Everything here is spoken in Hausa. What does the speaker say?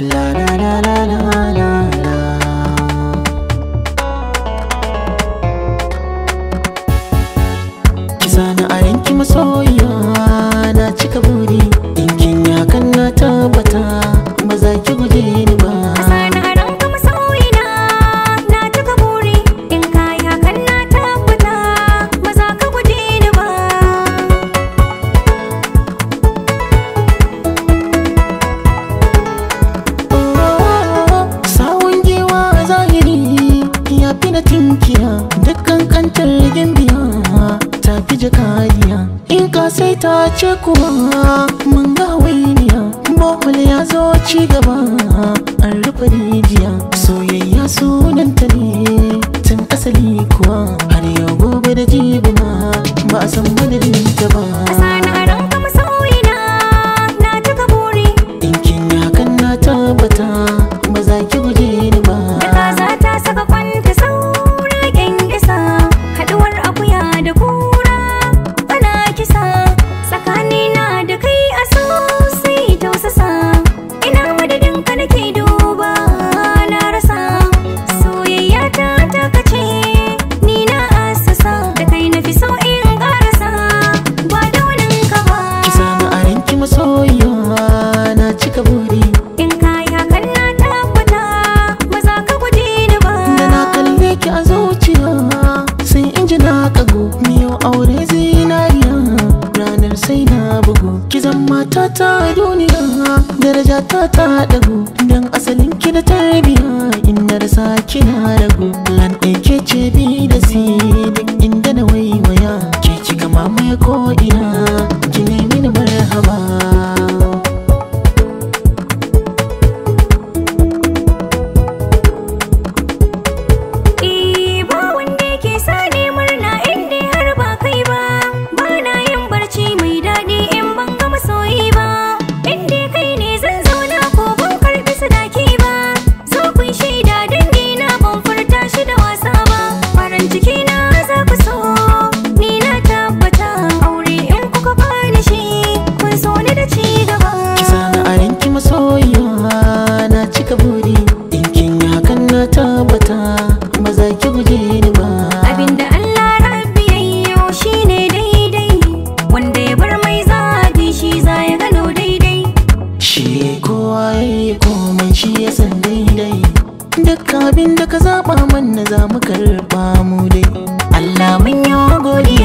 La la la la la la Kisa na arinki maso ce kuma mun ga wainiya bohol ya zo ci gaba an rufe rijiya ki zama ta ta duniya daraja ta ta dago dan asalin ki na tarbiya in da rasa ki na rago lan ke ce bi da si duk inda na waiwaya ke kama mai ko ina ki ne mini marhaba duk abin da ka zaɓa mana za mu karba mu dai Allah mun yi gode